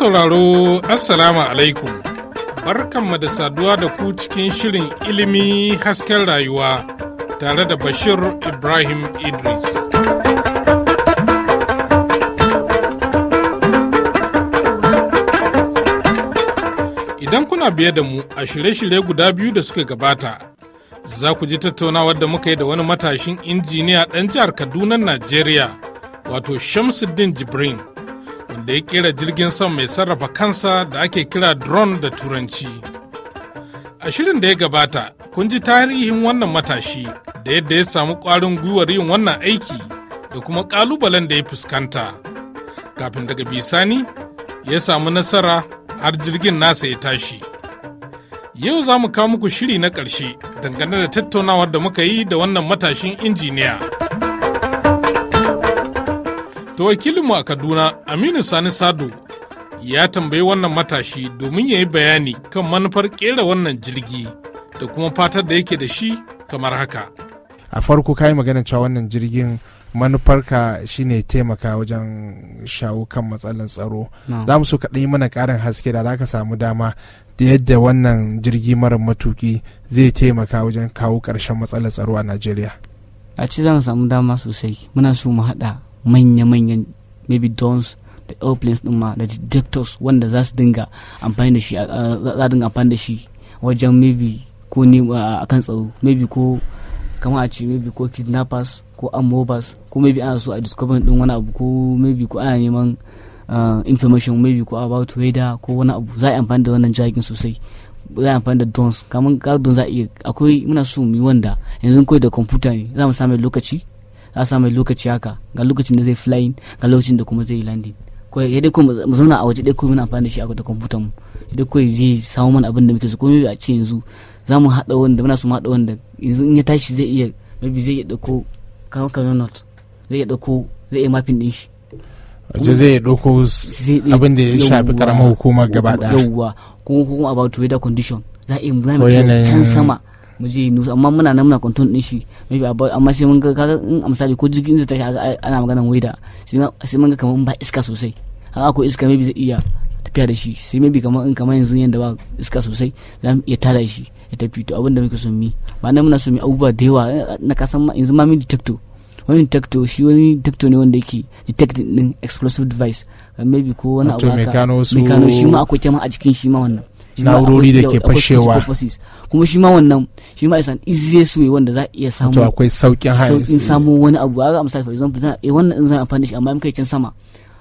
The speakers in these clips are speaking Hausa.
sauraro Assalamu alaikum. Barkanmu da saduwa da ku cikin shirin ilimi hasken rayuwa tare da Bashir Ibrahim Idris. Idan kuna biye da mu a shirye-shirye guda biyu da suka gabata, za ku ji tattaunawar da muka yi da wani matashin injiniya ɗan jihar Kaduna, Najeriya, wato Shamsuddin Jibrin. da ya kera jirgin sama mai sarrafa kansa da ake kira drone da turanci a shirin da ya gabata kun ji tarihin wannan matashi da yadda ya samu ƙwarin gwiwar yin wannan aiki da kuma ƙalubalen da ya fuskanta kafin daga bisani ya samu nasara har jirgin nasa ya tashi yau za mu kawo muku shiri na ƙarshe dangane da tattaunawar da muka yi da wannan matashin injiniya. To wakilinmu a Kaduna Aminu Sani Sado ya tambayi wannan matashi domin ya yi bayani kan manufar kera wannan jirgi da kuma fatar da yake da shi kamar haka. A farko kayi magana cewa wannan jirgin manufarka shine taimaka wajen shawo kan matsalar tsaro za mu so ka ɗanyi mana ƙarin haske da za samu dama da yadda wannan jirgi mara matuki zai taimaka wajen kawo ƙarshen matsalar tsaro a najeriya a ce za mu samu dama sosai muna so mu haɗa manya-manyan maybe dons da airplanes din ma da detectors wanda za su dinga amfani da shi za dinga amfani da shi wajen maybe ko ne a kan tsaro maybe ko kama a ce maybe ko kidnappers ko amobas ko maybe ana so a discover din wani abu ko maybe ko ana neman information maybe ko about weather ko wani abu za a amfani da wannan jirgin sosai za a amfani da drones kamar ka don za a iya akwai muna so mu yi wanda yanzu kawai da kwamfuta ne za mu samu lokaci za su mai lokaci haka ga lokacin da zai flying ga lokacin da kuma zai landing ko ya dai kuma mu zauna a waje dai ko muna amfani da shi a da kwamfutar mu ya dai kuma zai samu mana abin da muke so ko a ce yanzu za mu haɗa wanda muna so mu haɗa wanda yanzu in ya tashi zai iya maybe zai iya ɗauko kawo not zai iya ɗauko zai iya mafin ɗin shi wace zai ɗauko abin da ya shafi karamar hukumar gaba ɗaya yawwa kuma kuma about weather condition za a iya mu can sama mu je nusa amma muna nan muna kwanton din shi amma sai mun ga kaga in a misali ko jirgin zai tashi ana maganan waida sai mun ga kamar ba iska sosai haka ko iska maybe zai iya tafiya da shi sai maybe kamar in kamar yanzu yanda ba iska sosai za mu iya tada shi ya tafi to abin da muke son mi ba nan muna son mi abubuwa da yawa na kasan ma yanzu ma mi detector wani detector shi wani detector ne wanda yake detect din explosive device maybe ko wani abu haka mekano shi ma akwai kyama a cikin shi ma wannan na'urori da ke fashewa kuma shi ma wannan shi ma isan easiest way wanda za a iya samu to akwai saukin hali saukin samu wani abu a ga misali for example zan eh wannan in zan amfani shi amma in kai can sama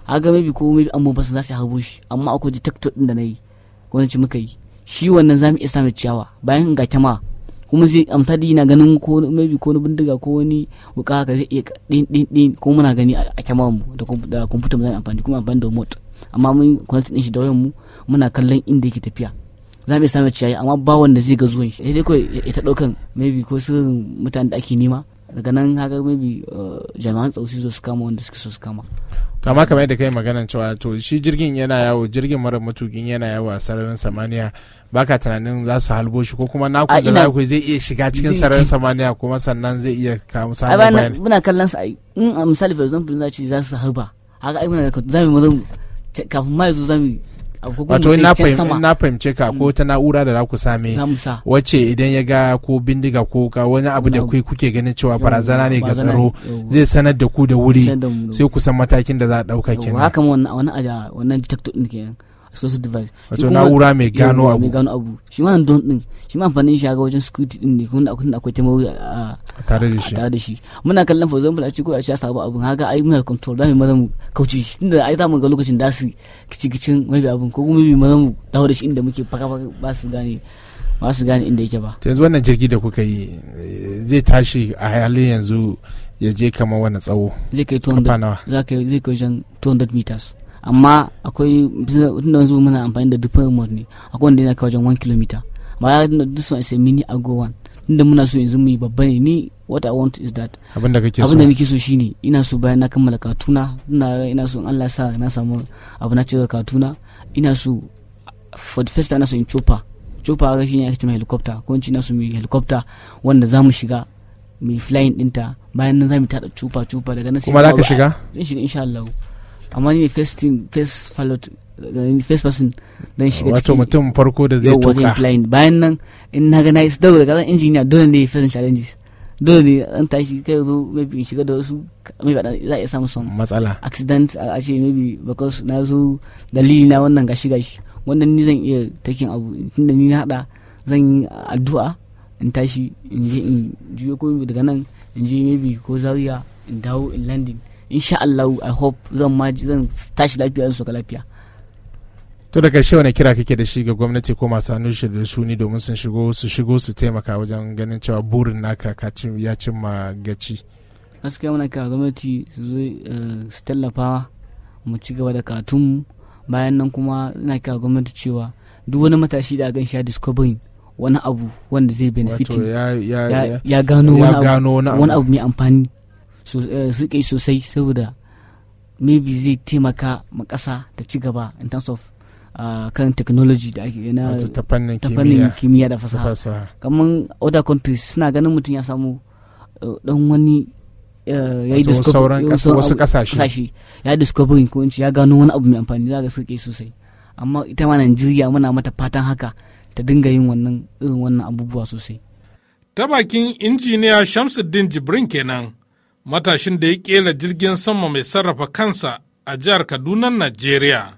a ga maybe ko maybe amma ba za su harbo shi amma akwai detector din da nayi ko ci muka yi shi wannan zamu iya samu ciyawa bayan ga kyama kuma zai yi na ganin ko maybe ko na bindiga ko wani wuka haka zai iya din din din ko muna gani a kyamar mu da kwamfuta mu zan amfani kuma amfani da remote amma mun connect din shi da wayanmu muna kallon inda yake tafiya za mu samu ciyayi amma ba wanda zai ga zuwan shi dai kawai ya ta daukan maybe ko sirrin mutanen da ake nema daga nan haka maybe eh, jami'an tsaro su zo su kama wanda suke so su kama kama kamar yadda kai maganan cewa to shi jirgin yana yawo jirgin mara matukin yana yawo a sararin samaniya baka tunanin za su halbo shi ko kuma naku da ku zai iya shiga cikin sararin samaniya kuma sannan zai iya kamu samun bayani muna kallon su in misali for example za ce za su harba haka ai muna za mu kafin ma na fahimce ka ko mm. ta na'ura da za ku same wacce idan ya ga ko bindiga ko ka wani abu da kai kuke ganin cewa barazana ne ga tsaro zai sanar da ku da wuri sai ku san matakin da za a ɗauka kenan haka wannan wannan detector din kenan su device wato na'ura mai gano abu mai gano abu shi ma don din shi ma amfanin shi ga wajen security din ne kuma akwai akwai taimawi a tare da shi tare da shi muna kallon for example a cikin a cikin sabu abu haka ai muna control da mai maza mu kauce shi tunda ai za mu ga lokacin da su kici kicin mai abu ko kuma mai maza mu dawo da shi inda muke faka faka ba su gane ba su gane inda yake ba yanzu wannan jirgi da kuka yi zai tashi a halin yanzu ya je kama wani tsawo zai kai 200 zai kai wajen 200 meters amma akwai tun da zuwa muna amfani da dufan remote ne akwai wanda yana kai wajen 1 km ba duk sun isa mini ago 1 tunda muna so yanzu mu yi babba ne ni what i want is that abin da kake so abin da nake so shine ina so bayan na kammala katuna ina ina so in Allah sa na samu abu na cewa katuna ina so for the first time na so in chopa chopa ga shine ake cewa helicopter ko in ci na so mu helicopter wanda za mu shiga mu flying dinta bayan nan za mu tada chopa chopa daga nan sai kuma za ka shiga zan shiga insha Allah amma ni ne first first pilot eh, first person dan shiga cikin wato mutum farko da zai tuka bayan nan in na ga na yi daga daga injiniya dole ne first challenges dole ne an tashi kai zo maybe in shiga da wasu maybe za a iya samu son matsala accident a ce maybe because na zo dalili na wannan gashi gashi wannan ni zan iya takin abu tunda ni na hada zan yi addu'a in tashi in je in juyo ko daga nan in je maybe ko zaria in dawo in landing insha Allah I hope zan ma zan tashi lafiya zan soka lafiya to da shi wani kira kake da shi ga gwamnati ko masu hannu da shuni domin sun shigo su shigo su taimaka wajen ganin cewa burin naka ka ya cimma gaci gaskiya muna kira gwamnati su zo eh, su tallafa mu ci gaba da katun bayan nan kuma ina kira gwamnati cewa duk wani matashi da gan sha discovery wani abu wanda zai benefitin ya gano wani abu mai amfani suke eh, sosai saboda maybe zai taimaka ma ƙasa da ci gaba in terms of Uh, kan technology da ake yana ta fannin kimiyya da fasaha kamar other countries suna ganin mutum ya samu dan eh, wani eh, ya yi discovery wasu kasashe ya discovery ko ya gano wani abu mai amfani za ga suke sosai amma ita ma Najeriya muna mata fatan haka ta dinga yin wannan irin wannan abubuwa sosai ta bakin injiniya Shamsuddin Jibrin kenan matashin da ya kera jirgin sama mai sarrafa kansa a jihar Kaduna, Najeriya.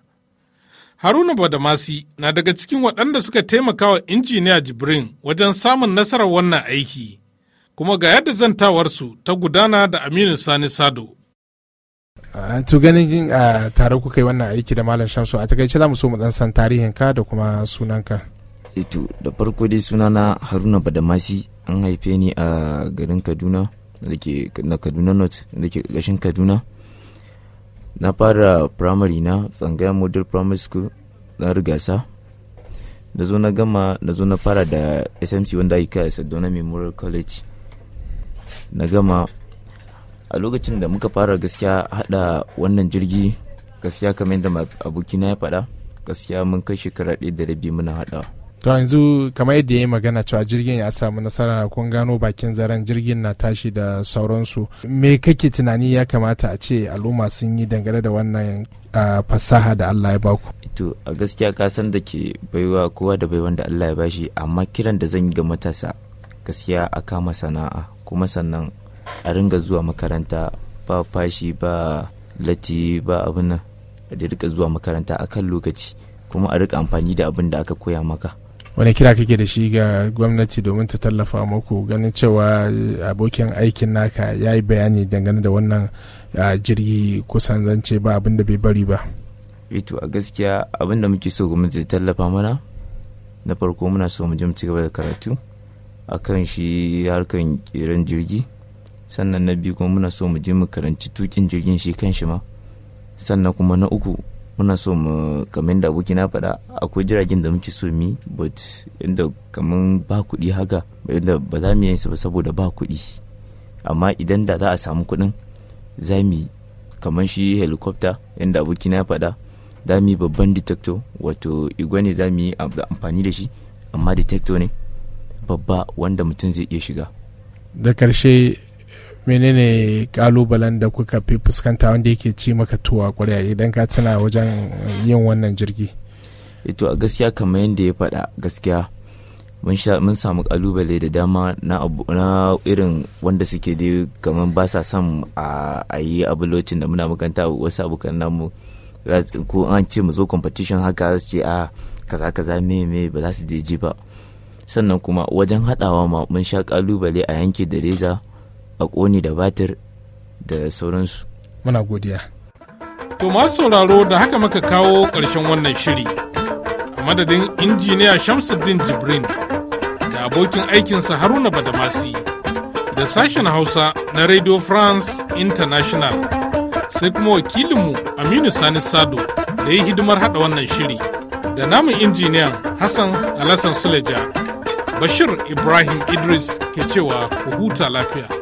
Haruna Badamasi na daga cikin waɗanda suka taimaka wa injiniya Jibrin wajen samun nasarar wannan aiki, kuma ga yadda zantawarsu ta gudana da Aminu Sani Sado. Ah, to ganin ah, tare kuka yi wannan aiki da Malam Shamsu a takaice za mu so mu dan san tarihin ka da kuma sunanka. Ito eh da farko dai sunana Haruna Badamasi an haife ni a garin Kaduna. na kaduna north da ke kashin kaduna na fara primary na tsangaya model primary school na rigasa da zo na gama na zo na fara da smc wanda ake kai sadona memorial college na gama a lokacin da muka fara gaskiya hada wannan jirgi gaskiya kamar yadda abokina ya faɗa gaskiya mun kai shekara ɗaya da rabi muna hadawa to yanzu kamar yadda ya yi magana cewa jirgin ya samu nasara kun gano bakin zaren jirgin na tashi da sauransu me kake tunani ya kamata a ce al'umma sun yi dangane da wannan fasaha da allah ya baku to a gaskiya ka san da ke baiwa kowa da baiwan da allah ya bashi amma kiran da zan yi ga matasa gaskiya a kama sana'a kuma sannan a ringa zuwa makaranta ba fashi ba lati ba abin nan da rika zuwa makaranta akan lokaci kuma a rika amfani da abin da aka koya maka wani kira kake da shi ga gwamnati domin ta tallafa muku ganin cewa eh, abokin aikin naka ya yi bayani dangane da wannan eh, jirgi kusan zance ba abin da bai bari ba ito eh a gaskiya abin da muke so gwamnati ta tallafa mana na farko muna so mu mu ci gaba da karatu a kan shi harkan kiran jirgi sannan na biyu kuma muna so mu je mu karanci tukin jirgin shi kan shi ma sannan kuma na uku muna so mu kamar da abokin na faɗa akwai jiragen da muke so mi but inda kamar ba kuɗi haka inda ba za mu yi ba saboda ba kuɗi amma idan da za a samu kuɗin za mu kamar shi helicopter inda abokin na faɗa za mu babban detector wato igwe ne za mu yi amfani da shi amma detector ne babba wanda mutum zai iya shiga da karshe menene kalubalen da kuka fi fuskanta wanda yake ci maka tuwa kwarya idan ka tuna wajen yin wannan jirgi ito a gaskiya kamar yadda ya faɗa gaskiya mun samu kalubale da dama na irin wanda suke dai kamar ba sa son a yi abu lokacin da muna makanta wasu abokan namu ko an ce mu zo competition haka su ce a ah, kaza kaza me me ba za su je ji ba sannan kuma wajen haɗawa ma mun sha kalubale a yanke da reza a ƙone da batir da sauransu muna godiya to masu sauraro da haka maka kawo ƙarshen wannan shiri a madadin injiniya shamsuddin jibrin da abokin aikinsa haruna badamasi da sashen hausa na radio france international sai kuma wakilinmu aminu sani sado da ya hidimar haɗa wannan shiri da namun injiniyan hassan alassan suleja bashir ibrahim idris ke cewa ku huta lafiya